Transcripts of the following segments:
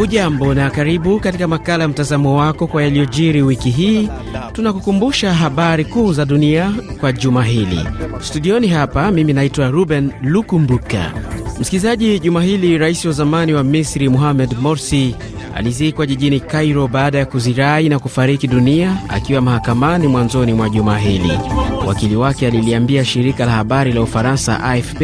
Hujambo na karibu katika makala ya mtazamo wako kwa yaliyojiri wiki hii. Tunakukumbusha habari kuu za dunia kwa juma hili. Studioni hapa mimi naitwa Ruben Lukumbuka. Msikilizaji, juma hili rais wa zamani wa Misri Mohamed Morsi alizikwa jijini Kairo baada ya kuzirai na kufariki dunia akiwa mahakamani mwanzoni mwa juma hili. Wakili wake aliliambia shirika la habari la Ufaransa AFP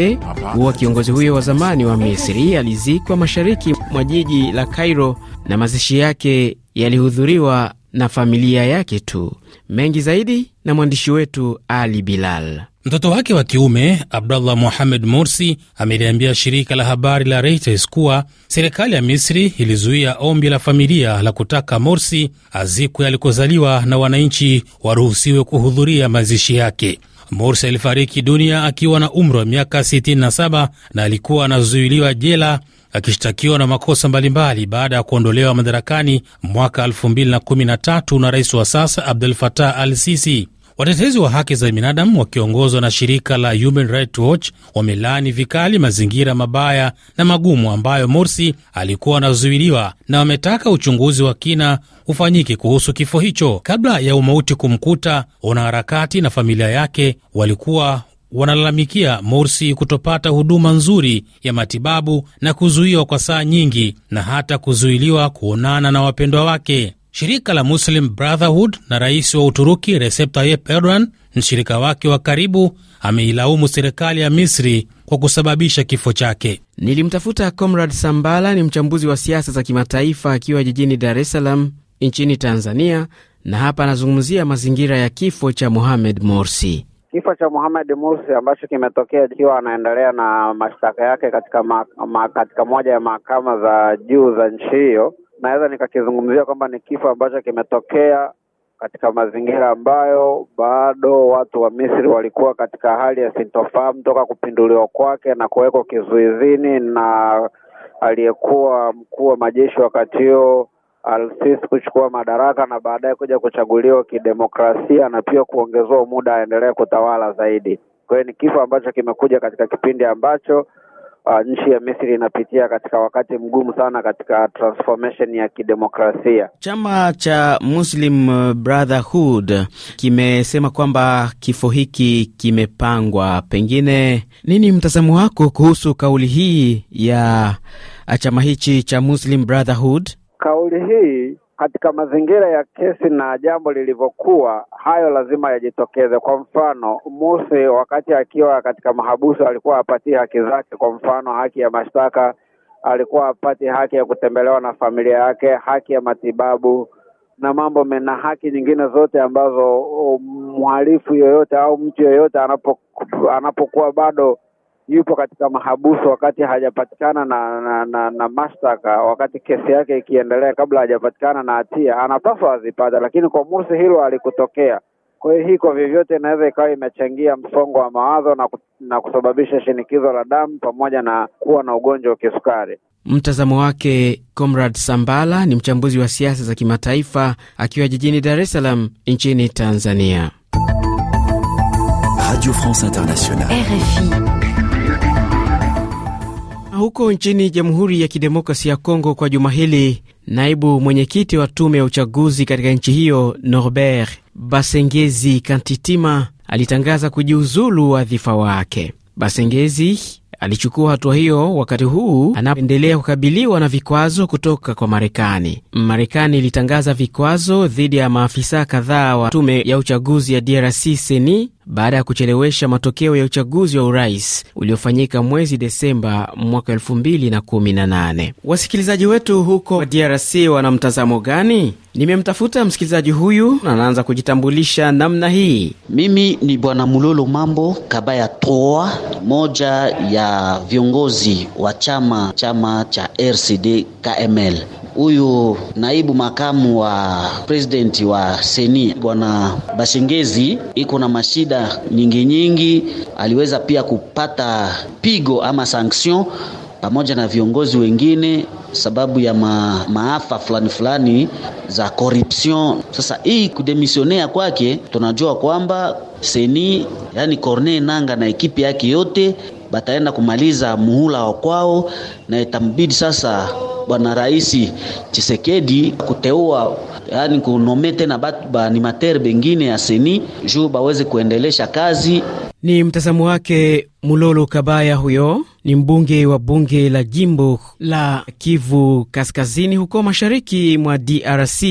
kuwa kiongozi huyo wa zamani wa Misri alizikwa mashariki mwa jiji la Kairo na mazishi yake yalihudhuriwa na familia yake tu. Mengi zaidi na mwandishi wetu Ali Bilal. Mtoto wake wa kiume Abdullah Mohamed Morsi ameliambia shirika la habari la Reuters kuwa serikali ya Misri ilizuia ombi la familia la kutaka Morsi azikwe alikozaliwa na wananchi waruhusiwe kuhudhuria mazishi yake. Morsi alifariki dunia akiwa na umri wa miaka 67 na alikuwa anazuiliwa jela akishtakiwa na makosa mbalimbali baada ya kuondolewa madarakani mwaka 2013 na rais wa sasa Abdel Fattah al Sisi. Watetezi wa haki za binadamu wakiongozwa na shirika la Human Rights Watch wamelaani vikali mazingira mabaya na magumu ambayo Morsi alikuwa anazuiliwa na wametaka uchunguzi wa kina ufanyike kuhusu kifo hicho. Kabla ya umauti kumkuta, wanaharakati na familia yake walikuwa wanalalamikia Morsi kutopata huduma nzuri ya matibabu na kuzuiwa kwa saa nyingi na hata kuzuiliwa kuonana na wapendwa wake. Shirika la Muslim Brotherhood na rais wa Uturuki Recep Tayyip Erdogan, mshirika wake wa karibu, ameilaumu serikali ya Misri kwa kusababisha kifo chake. Nilimtafuta Comrad Sambala, ni mchambuzi wa siasa za kimataifa akiwa jijini Dar es Salaam nchini Tanzania, na hapa anazungumzia mazingira ya kifo cha Mohamed Morsi. Kifo cha muhamed mursi ambacho kimetokea ikiwa anaendelea na mashtaka yake katika, ma, ma, katika moja ya mahakama za juu za nchi hiyo naweza nikakizungumzia kwamba ni kifo ambacho kimetokea katika mazingira ambayo bado watu wa Misri walikuwa katika hali ya sintofahamu toka kupinduliwa kwake na kuwekwa kizuizini na aliyekuwa mkuu wa majeshi wakati huo Al-Sisi kuchukua madaraka na baadaye kuja kuchaguliwa kidemokrasia na pia kuongezewa muda aendelee kutawala zaidi. Kwa hiyo ni kifo ambacho kimekuja katika kipindi ambacho uh, nchi ya Misri inapitia katika wakati mgumu sana katika transformation ya kidemokrasia. Chama cha Muslim Brotherhood kimesema kwamba kifo hiki kimepangwa. Pengine nini mtazamo wako kuhusu kauli hii ya chama hichi cha Muslim Brotherhood? Kauli hii katika mazingira ya kesi na jambo lilivyokuwa, hayo lazima yajitokeze. Kwa mfano, Muse wakati akiwa katika mahabusu alikuwa hapati haki zake, kwa mfano haki ya mashtaka, alikuwa apati haki ya kutembelewa na familia yake, haki ya matibabu na mambo mena, haki nyingine zote ambazo um, mhalifu yoyote au mtu yoyote anapokuwa anapo bado yupo katika mahabusu wakati hajapatikana na na, na, na mashtaka, wakati kesi yake ikiendelea, kabla hajapatikana na hatia, anapaswa azipata, lakini kwa Mursi hilo alikutokea. Kwa hiyo hii kwa vyovyote inaweza ikawa imechangia msongo wa mawazo na, na kusababisha shinikizo la damu pamoja na kuwa na ugonjwa wa kisukari. Mtazamo wake Comrade Sambala ni mchambuzi wa siasa za kimataifa akiwa jijini Dar es Salaam nchini Tanzania. Radio France Internationale, RFI. Huko nchini Jamhuri ya Kidemokrasi ya Kongo kwa juma hili, naibu mwenyekiti wa tume ya uchaguzi katika nchi hiyo Norbert Basengezi Kantitima alitangaza kujiuzulu wadhifa wake. Basengezi alichukua hatua hiyo wakati huu anapoendelea kukabiliwa na vikwazo kutoka kwa Marekani. Marekani ilitangaza vikwazo dhidi ya maafisa kadhaa wa tume ya uchaguzi ya DRC seni baada ya kuchelewesha matokeo ya uchaguzi wa urais uliofanyika mwezi Desemba mwaka 2018. Wasikilizaji wetu huko DRC wana mtazamo gani? Nimemtafuta msikilizaji huyu na anaanza kujitambulisha namna hii. Mimi ni Bwana Mulolo Mambo Kabaya Toa, moja ya viongozi wa chama chama cha RCD KML huyu naibu makamu wa presidenti wa seni bwana Bashengezi iko na mashida nyingi nyingi, aliweza pia kupata pigo ama sanction pamoja na viongozi wengine sababu ya ma, maafa fulani fulani za corruption. Sasa hii kudemisionea kwake, tunajua kwamba seni yani Corneille Nanga na ekipi yake yote bataenda kumaliza muhula wa kwao, na itambidi sasa bwana Rais Chisekedi kuteua yani kunome tena batu baanimatere bengine ya seni juu baweze kuendelesha kazi. Ni mtazamo wake Mulolo Kabaya. Huyo ni mbunge wa bunge la jimbo la Kivu Kaskazini huko mashariki mwa DRC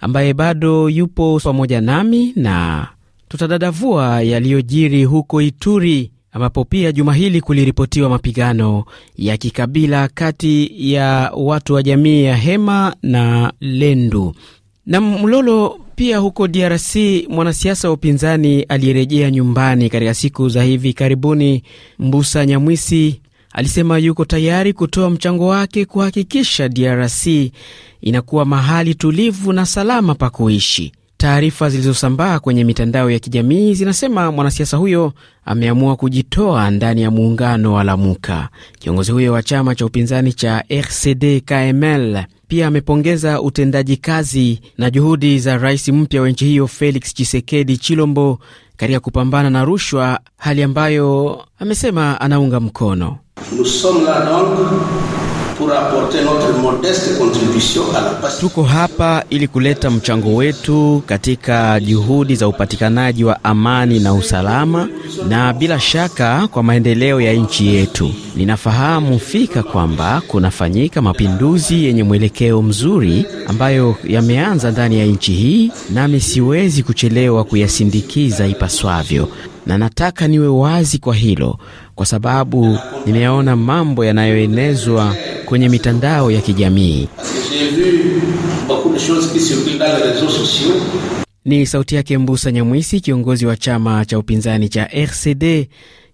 ambaye bado yupo pamoja nami na tutadadavua yaliyojiri huko Ituri ambapo pia juma hili kuliripotiwa mapigano ya kikabila kati ya watu wa jamii ya Hema na Lendu na Mlolo. Pia huko DRC mwanasiasa wa upinzani aliyerejea nyumbani katika siku za hivi karibuni, Mbusa Nyamwisi alisema yuko tayari kutoa mchango wake kuhakikisha DRC inakuwa mahali tulivu na salama pa kuishi. Taarifa zilizosambaa kwenye mitandao ya kijamii zinasema mwanasiasa huyo ameamua kujitoa ndani ya muungano wa Lamuka. Kiongozi huyo wa chama cha upinzani cha RCD KML pia amepongeza utendaji kazi na juhudi za rais mpya wa nchi hiyo Felix Chisekedi Chilombo katika kupambana na rushwa, hali ambayo amesema anaunga mkono. Tuko hapa ili kuleta mchango wetu katika juhudi za upatikanaji wa amani na usalama na bila shaka kwa maendeleo ya nchi yetu. Ninafahamu fika kwamba kunafanyika mapinduzi yenye mwelekeo mzuri ambayo yameanza ndani ya nchi hii, nami siwezi kuchelewa kuyasindikiza ipaswavyo na nataka niwe wazi kwa hilo, kwa sababu nimeyaona mambo yanayoenezwa kwenye mitandao ya kijamii. Ni sauti yake Mbusa Nyamwisi, kiongozi wa chama cha upinzani cha RCD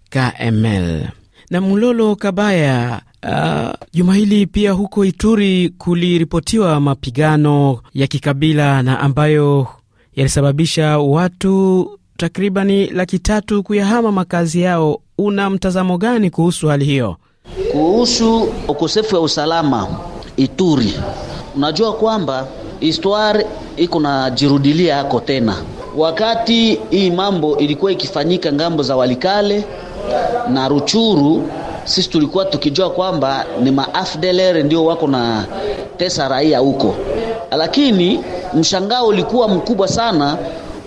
KML na Mulolo Kabaya. Ah, juma hili pia huko Ituri kuliripotiwa mapigano ya kikabila na ambayo yalisababisha watu takribani laki tatu kuyahama makazi yao. Una mtazamo gani kuhusu hali hiyo? Kuhusu ukosefu wa usalama Ituri, unajua kwamba histoire iko na jirudilia yako tena. Wakati hii mambo ilikuwa ikifanyika ngambo za Walikale na Ruchuru, sisi tulikuwa tukijua kwamba ni maafdeler ndio wako na tesa raia huko, lakini mshangao ulikuwa mkubwa sana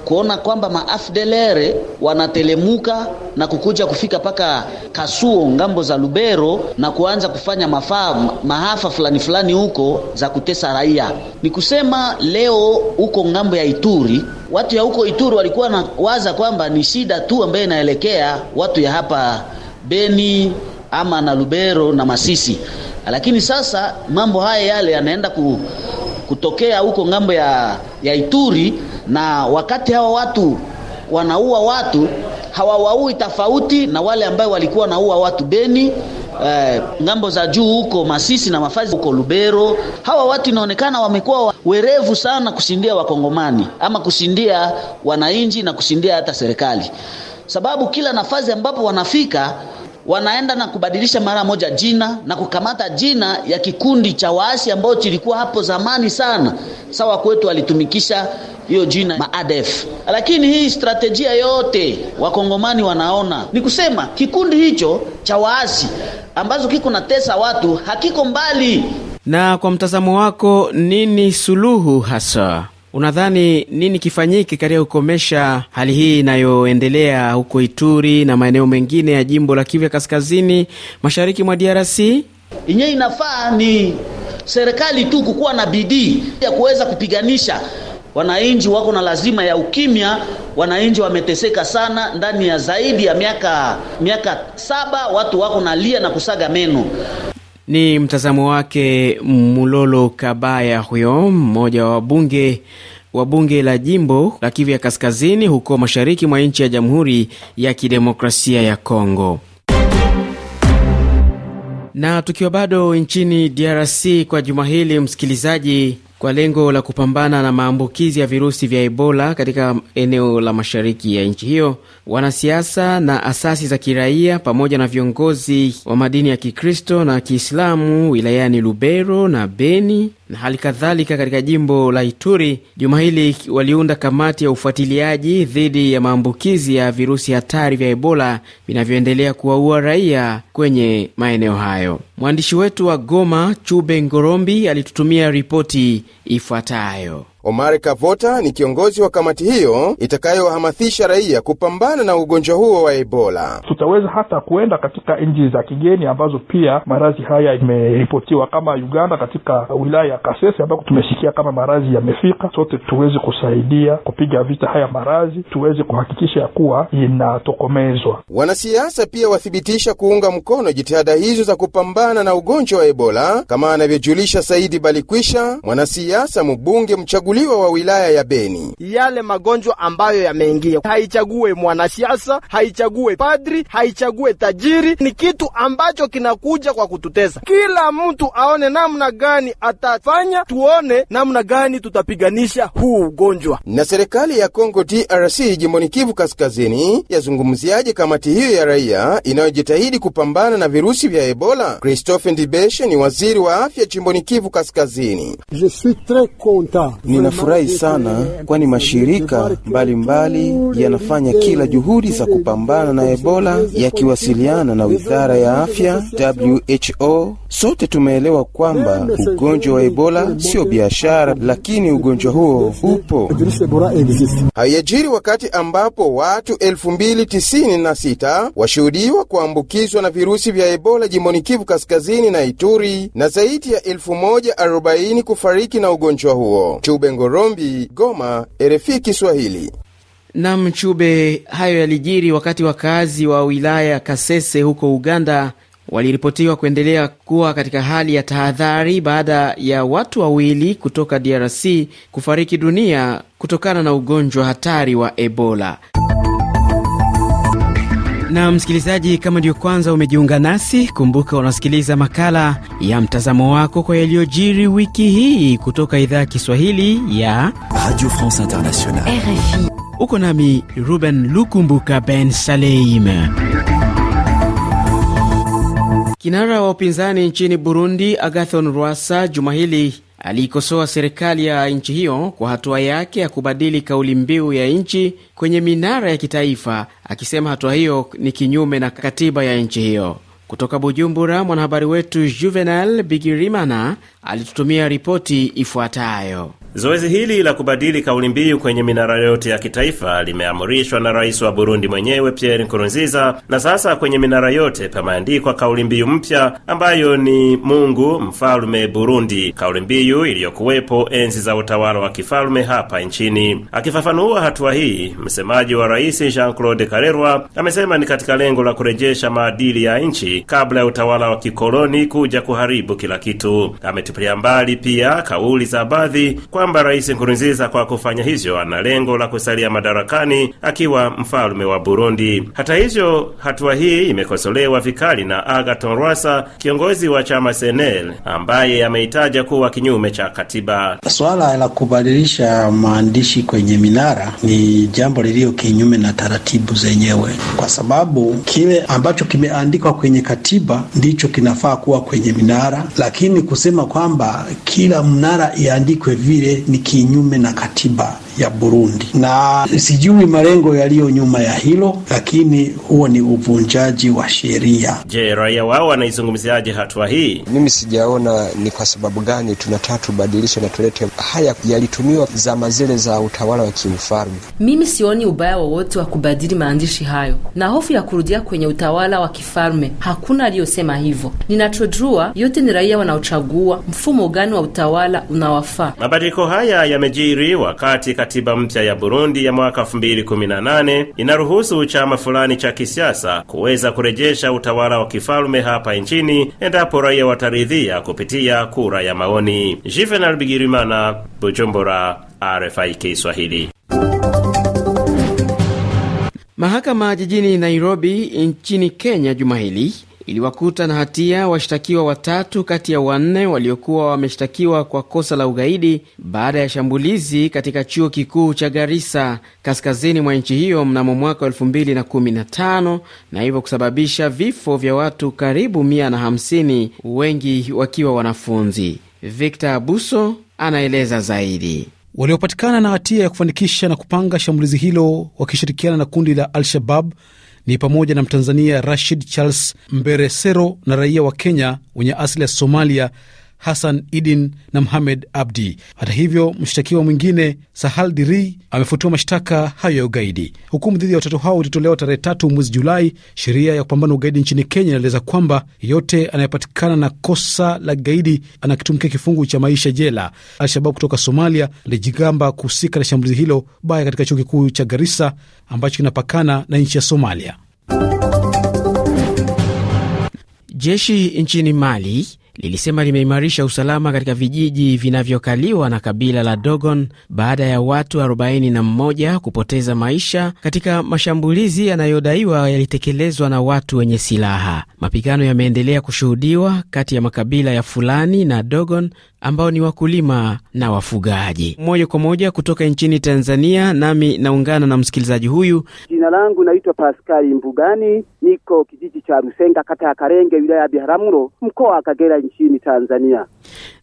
kuona kwamba maafdelere wanatelemuka na kukuja kufika paka Kasuo ngambo za Lubero na kuanza kufanya mafaa, mahafa fulani fulani huko za kutesa raia. Ni kusema leo huko ngambo ya Ituri watu ya huko Ituri walikuwa na waza kwamba ni shida tu ambayo inaelekea watu ya hapa Beni ama na Lubero na Masisi, lakini sasa mambo haya yale yanaenda ku kutokea huko ngambo ya, ya Ituri, na wakati hawa watu wanaua watu hawawaui tofauti na wale ambayo walikuwa wanaua watu Beni eh, ngambo za juu huko Masisi na Mafazi huko Lubero. Hawa watu inaonekana wamekuwa werevu sana kusindia wakongomani ama kusindia wananchi na kusindia hata serikali, sababu kila nafasi ambapo wanafika wanaenda na kubadilisha mara moja jina na kukamata jina ya kikundi cha waasi ambao kilikuwa hapo zamani sana. Sawa kwetu walitumikisha hiyo jina maadef, lakini hii strategia yote wakongomani wanaona ni kusema kikundi hicho cha waasi ambazo kiko na tesa watu hakiko mbali. Na kwa mtazamo wako, nini suluhu hasa? Unadhani nini kifanyike katika kukomesha hali hii inayoendelea huko Ituri na maeneo mengine ya jimbo la Kivu Kaskazini, mashariki mwa DRC? inye inafaa ni serikali tu kukuwa na bidii ya kuweza kupiganisha wananchi wako na lazima ya ukimya. Wananchi wameteseka sana ndani ya zaidi ya miaka miaka saba, watu wako nalia na kusaga meno. Ni mtazamo wake Mulolo Kabaya, huyo mmoja wa wabunge wa bunge la jimbo la Kivu ya Kaskazini, huko mashariki mwa nchi ya Jamhuri ya Kidemokrasia ya Kongo. Na tukiwa bado nchini DRC kwa juma hili, msikilizaji, kwa lengo la kupambana na maambukizi ya virusi vya Ebola katika eneo la mashariki ya nchi hiyo. Wanasiasa na asasi za kiraia pamoja na viongozi wa madini ya Kikristo na Kiislamu wilayani Lubero na Beni na hali kadhalika katika jimbo la Ituri juma hili waliunda kamati ya ufuatiliaji dhidi ya maambukizi ya virusi hatari vya Ebola vinavyoendelea kuwaua raia kwenye maeneo hayo. Mwandishi wetu wa Goma, Chube Ngorombi, alitutumia ripoti ifuatayo. Omar Kavota ni kiongozi wa kamati hiyo itakayohamasisha raia kupambana na ugonjwa huo wa Ebola. Tutaweza hata kuenda katika nchi za kigeni ambazo pia maradhi haya imeripotiwa kama Uganda, katika wilaya ya Kasese ambako tumesikia kama maradhi yamefika. Sote tuweze kusaidia kupiga vita haya maradhi, tuweze kuhakikisha ya kuwa inatokomezwa. Wanasiasa pia wathibitisha kuunga mkono jitihada hizo za kupambana na ugonjwa wa Ebola, kama anavyojulisha Saidi Balikwisha, mwanasiasa mbunge mchaguliwa mchaguliwa wa wilaya ya Beni. Yale magonjwa ambayo yameingia, haichague mwanasiasa, haichague padri, haichague tajiri, ni kitu ambacho kinakuja kwa kututesa. Kila mtu aone namna gani atafanya, tuone namna gani tutapiganisha huu ugonjwa. Na serikali ya Kongo DRC jimboni Kivu Kaskazini yazungumziaje kamati hiyo ya raia inayojitahidi kupambana na virusi vya Ebola? Christophe Ndibeshe ni waziri wa afya jimboni Kivu Kaskazini. Je suis très content. Ninafurahi sana kwani mashirika mbalimbali yanafanya kila juhudi za kupambana na Ebola yakiwasiliana na Wizara ya Afya, WHO. Sote tumeelewa kwamba ugonjwa wa Ebola sio biashara, lakini ugonjwa huo upo. haiajiri wakati ambapo watu 296 washuhudiwa kuambukizwa na virusi vya Ebola jimboni Kivu Kaskazini na Ituri na zaidi ya 140 kufariki na ugonjwa huo Chube Chube Ngorombi, Goma, RFI Kiswahili. Nam Chube, hayo yalijiri wakati wakazi wa wilaya ya Kasese huko Uganda waliripotiwa kuendelea kuwa katika hali ya tahadhari baada ya watu wawili kutoka DRC kufariki dunia kutokana na ugonjwa hatari wa Ebola. Na msikilizaji, kama ndio kwanza umejiunga nasi, kumbuka unasikiliza makala ya mtazamo wako kwa yaliyojiri wiki hii kutoka idhaa ya Kiswahili ya Radio France international Uko nami Ruben Lukumbuka Ben Saleim. Kinara wa upinzani nchini Burundi Agathon Rwasa juma hili aliikosoa serikali ya nchi hiyo kwa hatua yake ya kubadili kauli mbiu ya nchi kwenye minara ya kitaifa, akisema hatua hiyo ni kinyume na katiba ya nchi hiyo. Kutoka Bujumbura, mwanahabari wetu Juvenal Bigirimana alitutumia ripoti ifuatayo. Zoezi hili la kubadili kauli mbiu kwenye minara yote ya kitaifa limeamrishwa na rais wa Burundi mwenyewe Pierre Nkurunziza, na sasa kwenye minara yote pameandikwa kauli mbiu mpya ambayo ni Mungu mfalume Burundi, kauli mbiu iliyokuwepo enzi za utawala wa kifalume hapa nchini. Akifafanua hatua hii, msemaji wa rais Jean Claude Karerwa amesema ni katika lengo la kurejesha maadili ya nchi kabla ya utawala wa kikoloni kuja kuharibu kila kitu. Ametupilia mbali pia kauli za baadhi kwa kwamba Rais Nkurunziza kwa kufanya hivyo ana lengo la kusalia madarakani akiwa mfalme wa Burundi. Hata hivyo, hatua hii imekosolewa vikali na agaton Rwasa, kiongozi wa chama Senel, ambaye ameitaja kuwa kinyume cha katiba. Swala la kubadilisha maandishi kwenye minara ni jambo liliyo kinyume na taratibu zenyewe, kwa sababu kile ambacho kimeandikwa kwenye katiba ndicho kinafaa kuwa kwenye minara, lakini kusema kwamba kila mnara iandikwe vile ni kinyume na katiba ya Burundi, na sijui malengo yaliyo nyuma ya hilo, lakini huo ni uvunjaji wa sheria. Je, raia wao wanaizungumziaje hatua hii? Mimi sijaona ni kwa sababu gani tunataka tubadilishe na tulete haya yalitumiwa zama zile za utawala wa kimfalme. Mimi sioni ubaya wowote wa, wa kubadili maandishi hayo na hofu ya kurudia kwenye utawala wa kifalme. Hakuna aliyosema hivyo. Ninachojua yote ni raia wanaochagua mfumo gani wa utawala unawafaa. Mabadiliko haya yamejiri wakati katiba mpya ya Burundi ya mwaka 2018 inaruhusu chama fulani cha kisiasa kuweza kurejesha utawala wa kifalume hapa nchini endapo raia wataridhia kupitia kura ya maoni. Juvenal Bigirimana, Bujumbura, RFI Kiswahili. Mahakama jijini Nairobi nchini Kenya juma hili iliwakuta na hatia washtakiwa watatu kati ya wanne waliokuwa wameshtakiwa kwa kosa la ugaidi baada ya shambulizi katika chuo kikuu cha Garisa kaskazini mwa nchi hiyo mnamo mwaka 2015 na hivyo kusababisha vifo vya watu karibu 150 wengi wakiwa wanafunzi. Victor Abuso anaeleza zaidi. Waliopatikana na hatia ya kufanikisha na kupanga shambulizi hilo wakishirikiana na kundi la Al-Shabab ni pamoja na Mtanzania Rashid Charles Mberesero na raia wa Kenya wenye asili ya Somalia Hassan Idin na muhamed Abdi. Hata hivyo, mshtakiwa mwingine Sahal Diri amefutiwa mashtaka hayo ya ugaidi. Hukumu dhidi ya watatu hao itatolewa tarehe tatu mwezi Julai. Sheria ya kupambana ugaidi nchini Kenya inaeleza kwamba yeyote anayepatikana na kosa la gaidi anakitumikia kifungu cha maisha jela. Al-Shababu kutoka Somalia alijigamba kuhusika na shambulizi hilo baya katika chuo kikuu cha Garissa ambacho kinapakana na nchi ya Somalia. Jeshi nchini Mali lilisema limeimarisha usalama katika vijiji vinavyokaliwa na kabila la Dogon baada ya watu 41 kupoteza maisha katika mashambulizi yanayodaiwa yalitekelezwa na watu wenye silaha. Mapigano yameendelea kushuhudiwa kati ya makabila ya Fulani na Dogon ambao ni wakulima na wafugaji. Moja kwa moja kutoka nchini Tanzania, nami naungana na msikilizaji huyu. Jina langu naitwa Paskali Mbugani, niko kijiji cha Rusenga, kata ya Karenge, wilaya ya Biharamulo, mkoa wa Kagera, nchini Tanzania.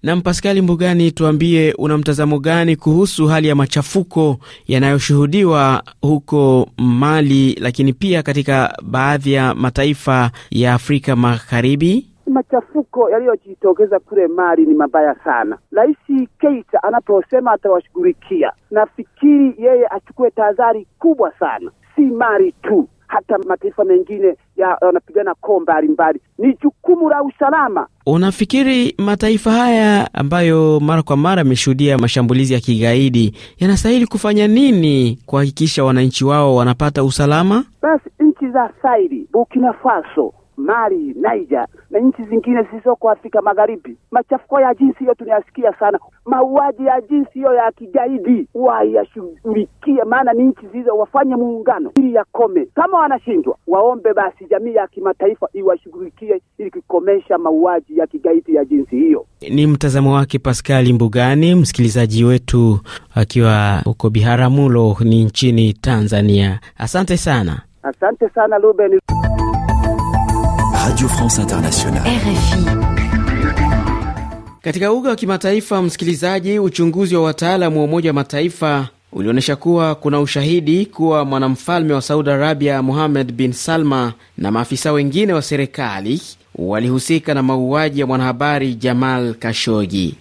Nam Paskali Mbugani, tuambie una mtazamo gani kuhusu hali ya machafuko yanayoshuhudiwa huko Mali, lakini pia katika baadhi ya mataifa ya Afrika Magharibi? Machafuko yaliyojitokeza kule Mali ni mabaya sana. Rais Keita anaposema atawashughulikia, nafikiri yeye achukue tahadhari kubwa sana, si Mali tu, hata mataifa mengine yanapigana koo mbalimbali. Ni jukumu la usalama. Unafikiri mataifa haya ambayo mara kwa mara yameshuhudia mashambulizi ya kigaidi yanastahili kufanya nini kuhakikisha wananchi wao wanapata usalama? Basi nchi za Saheli, Burkina Faso Mali, Niger na nchi zingine zilizoko Afrika Magharibi. Machafuko ya jinsi hiyo tunayasikia sana, mauaji ya jinsi hiyo ya kigaidi wayashughulikie, maana ni nchi zilizo wafanye muungano ili yakome. Kama wanashindwa, waombe basi jamii ya kimataifa iwashughulikie ili kukomesha mauaji ya kigaidi ya jinsi hiyo. Ni mtazamo wake Paskali Mbugani, msikilizaji wetu akiwa huko Biharamulo ni nchini Tanzania. Asante sana, asante sana Ruben. Radio France Internationale. RFI. Katika uga wa kimataifa, msikilizaji, uchunguzi wa wataalamu wa Umoja wa Mataifa ulionyesha kuwa kuna ushahidi kuwa mwanamfalme wa Saudi Arabia Mohammed bin Salma na maafisa wengine wa serikali walihusika na mauaji ya mwanahabari Jamal Kashogi.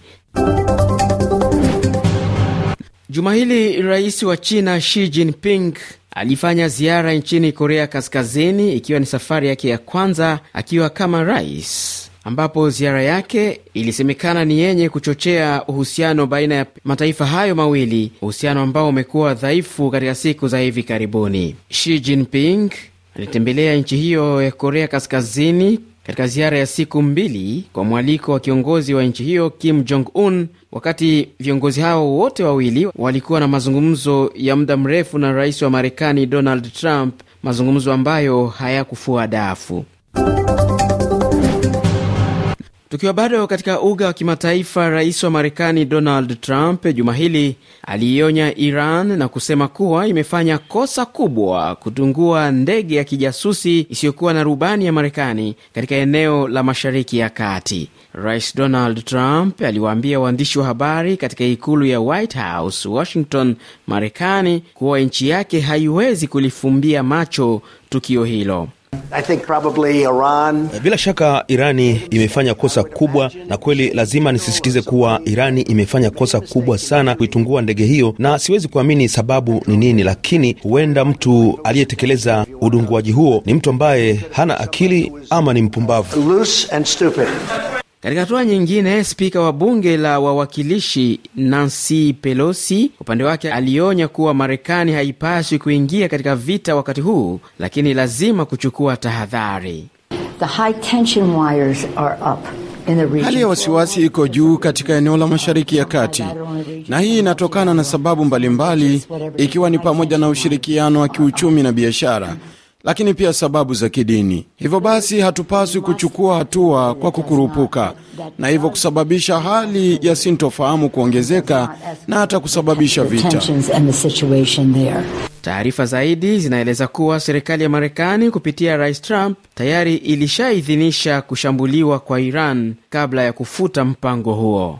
Juma hili rais wa China Xi Jinping alifanya ziara nchini Korea Kaskazini, ikiwa ni safari yake ya kwanza akiwa kama rais, ambapo ziara yake ilisemekana ni yenye kuchochea uhusiano baina ya mataifa hayo mawili, uhusiano ambao umekuwa dhaifu katika siku za hivi karibuni. Xi Jinping alitembelea nchi hiyo ya Korea Kaskazini katika ziara ya siku mbili kwa mwaliko wa kiongozi wa nchi hiyo Kim Jong Un, wakati viongozi hao wote wawili walikuwa na mazungumzo ya muda mrefu na rais wa Marekani Donald Trump, mazungumzo ambayo hayakufua dafu. Tukiwa bado katika uga wa kimataifa, rais wa Marekani Donald Trump juma hili aliionya Iran na kusema kuwa imefanya kosa kubwa kutungua ndege ya kijasusi isiyokuwa na rubani ya Marekani katika eneo la Mashariki ya Kati. Rais Donald Trump aliwaambia waandishi wa habari katika ikulu ya White House, Washington, Marekani, kuwa nchi yake haiwezi kulifumbia macho tukio hilo. I think probably Iran. Eh, bila shaka Irani imefanya kosa kubwa, na kweli lazima nisisitize kuwa Irani imefanya kosa kubwa sana kuitungua ndege hiyo, na siwezi kuamini sababu ni nini, lakini huenda mtu aliyetekeleza udunguaji huo ni mtu ambaye hana akili ama ni mpumbavu. Katika hatua nyingine, spika wa bunge la wawakilishi Nancy Pelosi upande wake alionya kuwa Marekani haipaswi kuingia katika vita wakati huu, lakini lazima kuchukua tahadhari. Hali ya wasiwasi iko juu katika eneo la Mashariki ya Kati, na hii inatokana na sababu mbalimbali mbali, ikiwa ni pamoja na ushirikiano wa kiuchumi na biashara lakini pia sababu za kidini. Hivyo basi, hatupaswi kuchukua hatua kwa kukurupuka na hivyo kusababisha hali ya sintofahamu kuongezeka na hata kusababisha vita. Taarifa zaidi zinaeleza kuwa serikali ya Marekani kupitia Rais Trump tayari ilishaidhinisha kushambuliwa kwa Iran kabla ya kufuta mpango huo.